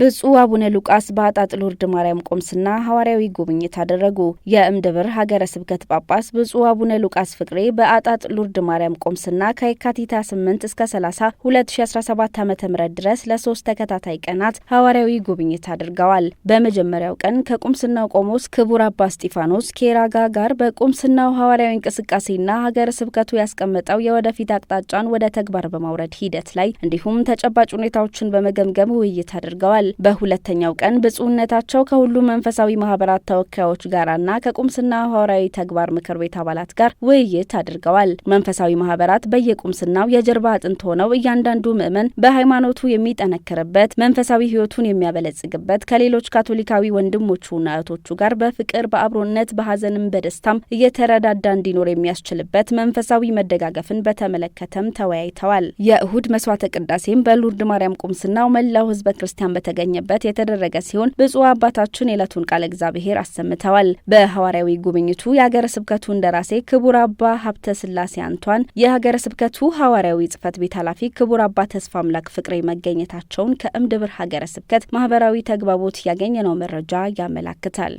ብፁዕ አቡነ ሉቃስ በአጣጥ ሉርድ ማርያም ቆምስና ሐዋርያዊ ጉብኝት አደረጉ። የእምድብር ሀገረ ስብከት ጳጳስ ብፁዕ አቡነ ሉቃስ ፍቅሬ በአጣጥ ሉርድ ማርያም ቆምስና ከየካቲት 8 እስከ 30 2017 ዓ ም ድረስ ለሶስት ተከታታይ ቀናት ሐዋርያዊ ጉብኝት አድርገዋል። በመጀመሪያው ቀን ከቁምስናው ቆሞስ ክቡር አባ እስጢፋኖስ ኬራጋ ጋር በቁምስናው ሐዋርያዊ እንቅስቃሴና ሀገረ ስብከቱ ያስቀመጠው የወደፊት አቅጣጫን ወደ ተግባር በማውረድ ሂደት ላይ እንዲሁም ተጨባጭ ሁኔታዎችን በመገምገም ውይይት አድርገዋል። ተገኝተዋል። በሁለተኛው ቀን ብፁዕነታቸው ከሁሉ መንፈሳዊ ማህበራት ተወካዮች ጋራና ከቁምስና ሐዋርያዊ ተግባር ምክር ቤት አባላት ጋር ውይይት አድርገዋል። መንፈሳዊ ማህበራት በየቁምስናው የጀርባ አጥንት ሆነው እያንዳንዱ ምዕመን በሃይማኖቱ የሚጠነክርበት፣ መንፈሳዊ ህይወቱን የሚያበለጽግበት ከሌሎች ካቶሊካዊ ወንድሞቹና እህቶቹ ጋር በፍቅር በአብሮነት በሀዘንም በደስታም እየተረዳዳ እንዲኖር የሚያስችልበት መንፈሳዊ መደጋገፍን በተመለከተም ተወያይተዋል። የእሁድ መስዋዕተ ቅዳሴም በሉርድ ማርያም ቁምስናው መላው ህዝበ ክርስቲያን በተገ በተገኘበት የተደረገ ሲሆን ብፁዕ አባታችን የዕለቱን ቃለ እግዚአብሔር አሰምተዋል። በሐዋርያዊ ጉብኝቱ የሀገረ ስብከቱ እንደራሴ ክቡር አባ ሀብተ ስላሴ አንቷን፣ የሀገረ ስብከቱ ሐዋርያዊ ጽሕፈት ቤት ኃላፊ ክቡር አባ ተስፋ አምላክ ፍቅሬ መገኘታቸውን ከእምድብር ሀገረ ስብከት ማህበራዊ ተግባቦት ያገኘነው መረጃ ያመላክታል።